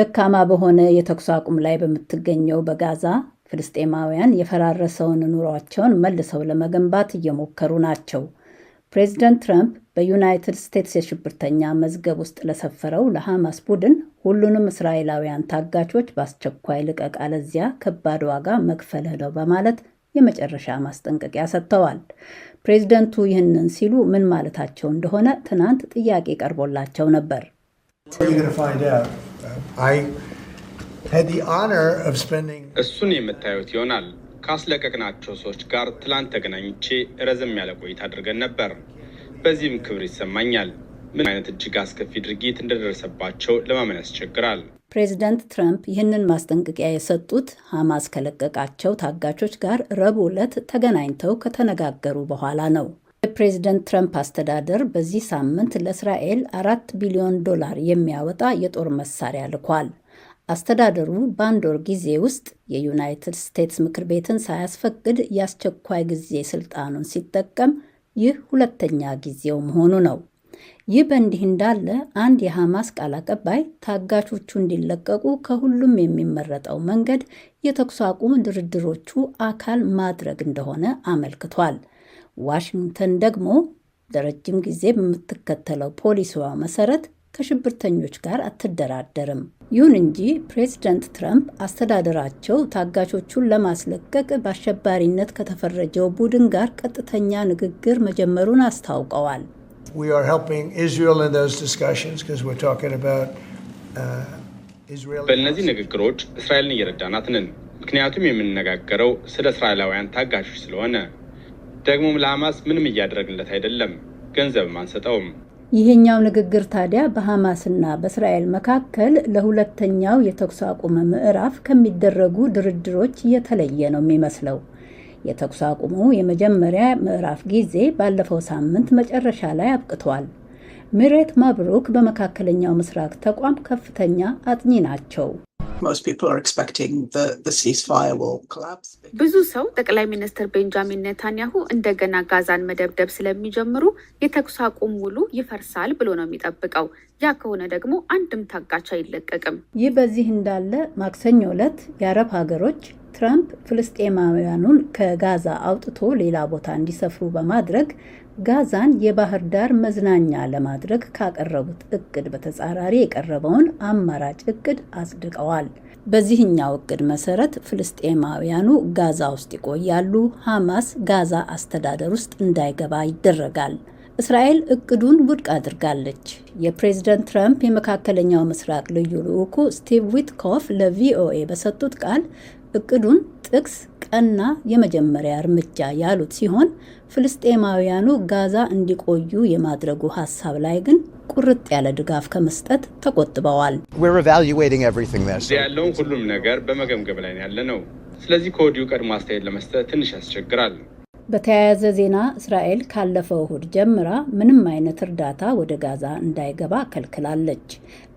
ደካማ በሆነ የተኩስ አቁም ላይ በምትገኘው በጋዛ ፍልስጤማውያን የፈራረሰውን ኑሯቸውን መልሰው ለመገንባት እየሞከሩ ናቸው። ፕሬዚደንት ትራምፕ በዩናይትድ ስቴትስ የሽብርተኛ መዝገብ ውስጥ ለሰፈረው ለሐማስ ቡድን ሁሉንም እስራኤላውያን ታጋቾች በአስቸኳይ ልቀቅ፣ አለዚያ ከባድ ዋጋ መክፈልህ ነው በማለት የመጨረሻ ማስጠንቀቂያ ሰጥተዋል። ፕሬዚደንቱ ይህንን ሲሉ ምን ማለታቸው እንደሆነ ትናንት ጥያቄ ቀርቦላቸው ነበር። እሱን የምታዩት ይሆናል። ካስለቀቅናቸው ሰዎች ጋር ትላንት ተገናኝቼ ረዘም ያለ ቆይታ አድርገን ነበር። በዚህም ክብር ይሰማኛል። ምን አይነት እጅግ አስከፊ ድርጊት እንደደረሰባቸው ለማመን ያስቸግራል። ፕሬዚደንት ትራምፕ ይህንን ማስጠንቀቂያ የሰጡት ሐማስ ከለቀቃቸው ታጋቾች ጋር ረቡዕ ዕለት ተገናኝተው ከተነጋገሩ በኋላ ነው። የፕሬዝደንት ትረምፕ አስተዳደር በዚህ ሳምንት ለእስራኤል አራት ቢሊዮን ዶላር የሚያወጣ የጦር መሳሪያ ልኳል። አስተዳደሩ በአንድ ወር ጊዜ ውስጥ የዩናይትድ ስቴትስ ምክር ቤትን ሳያስፈቅድ የአስቸኳይ ጊዜ ስልጣኑን ሲጠቀም ይህ ሁለተኛ ጊዜው መሆኑ ነው። ይህ በእንዲህ እንዳለ አንድ የሐማስ ቃል አቀባይ ታጋቾቹ እንዲለቀቁ ከሁሉም የሚመረጠው መንገድ የተኩስ አቁም ድርድሮቹ አካል ማድረግ እንደሆነ አመልክቷል። ዋሽንግተን ደግሞ ለረጅም ጊዜ በምትከተለው ፖሊሲዋ መሰረት ከሽብርተኞች ጋር አትደራደርም። ይሁን እንጂ ፕሬዚደንት ትራምፕ አስተዳደራቸው ታጋቾቹን ለማስለቀቅ በአሸባሪነት ከተፈረጀው ቡድን ጋር ቀጥተኛ ንግግር መጀመሩን አስታውቀዋል። uh, በእነዚህ ንግግሮች እስራኤልን እየረዳናት ነን፣ ምክንያቱም የምንነጋገረው ስለ እስራኤላውያን ታጋቾች ስለሆነ ደግሞም ለሐማስ ምንም እያደረግንለት አይደለም፣ ገንዘብም አንሰጠውም። ይሄኛው ንግግር ታዲያ በሐማስና በእስራኤል መካከል ለሁለተኛው የተኩስ አቁም ምዕራፍ ከሚደረጉ ድርድሮች የተለየ ነው የሚመስለው። የተኩስ አቁሙ የመጀመሪያ ምዕራፍ ጊዜ ባለፈው ሳምንት መጨረሻ ላይ አብቅቷል። ሚሬት ማብሩክ በመካከለኛው ምስራቅ ተቋም ከፍተኛ አጥኚ ናቸው። ብዙ ሰው ጠቅላይ ሚኒስትር ቤንጃሚን ኔታንያሁ እንደገና ጋዛን መደብደብ ስለሚጀምሩ የተኩስ አቁም ውሉ ይፈርሳል ብሎ ነው የሚጠብቀው። ያ ከሆነ ደግሞ አንድም ታጋች አይለቀቅም። ይህ በዚህ እንዳለ ማክሰኞ ዕለት የአረብ ሀገሮች ትራምፕ ፍልስጤማውያኑን ከጋዛ አውጥቶ ሌላ ቦታ እንዲሰፍሩ በማድረግ ጋዛን የባህር ዳር መዝናኛ ለማድረግ ካቀረቡት እቅድ በተጻራሪ የቀረበውን አማራጭ እቅድ አጽድቀዋል። በዚህኛው እቅድ መሰረት ፍልስጤማውያኑ ጋዛ ውስጥ ይቆያሉ፣ ሐማስ ጋዛ አስተዳደር ውስጥ እንዳይገባ ይደረጋል። እስራኤል እቅዱን ውድቅ አድርጋለች። የፕሬዝደንት ትራምፕ የመካከለኛው ምስራቅ ልዩ ልዑኩ ስቲቭ ዊትኮፍ ለቪኦኤ በሰጡት ቃል እቅዱን ጥቅስ ቀና የመጀመሪያ እርምጃ ያሉት ሲሆን ፍልስጤማውያኑ ጋዛ እንዲቆዩ የማድረጉ ሀሳብ ላይ ግን ቁርጥ ያለ ድጋፍ ከመስጠት ተቆጥበዋል። ያለውን ሁሉም ነገር በመገምገም ላይ ያለ ነው። ስለዚህ ከወዲሁ ቀድሞ አስተያየት ለመስጠት ትንሽ ያስቸግራል። በተያያዘ ዜና እስራኤል ካለፈው እሁድ ጀምራ ምንም አይነት እርዳታ ወደ ጋዛ እንዳይገባ ከልክላለች።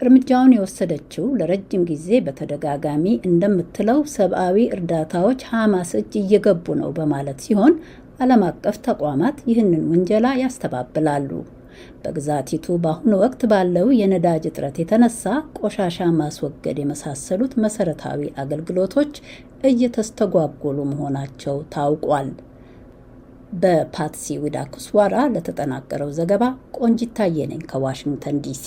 እርምጃውን የወሰደችው ለረጅም ጊዜ በተደጋጋሚ እንደምትለው ሰብአዊ እርዳታዎች ሐማስ እጅ እየገቡ ነው በማለት ሲሆን ዓለም አቀፍ ተቋማት ይህንን ውንጀላ ያስተባብላሉ። በግዛቲቱ በአሁኑ ወቅት ባለው የነዳጅ እጥረት የተነሳ ቆሻሻ ማስወገድ የመሳሰሉት መሰረታዊ አገልግሎቶች እየተስተጓጎሉ መሆናቸው ታውቋል። በፓትሲ ዊዳኩስዋራ ለተጠናቀረው ዘገባ ቆንጂታዬ ነኝ ከዋሽንግተን ዲሲ።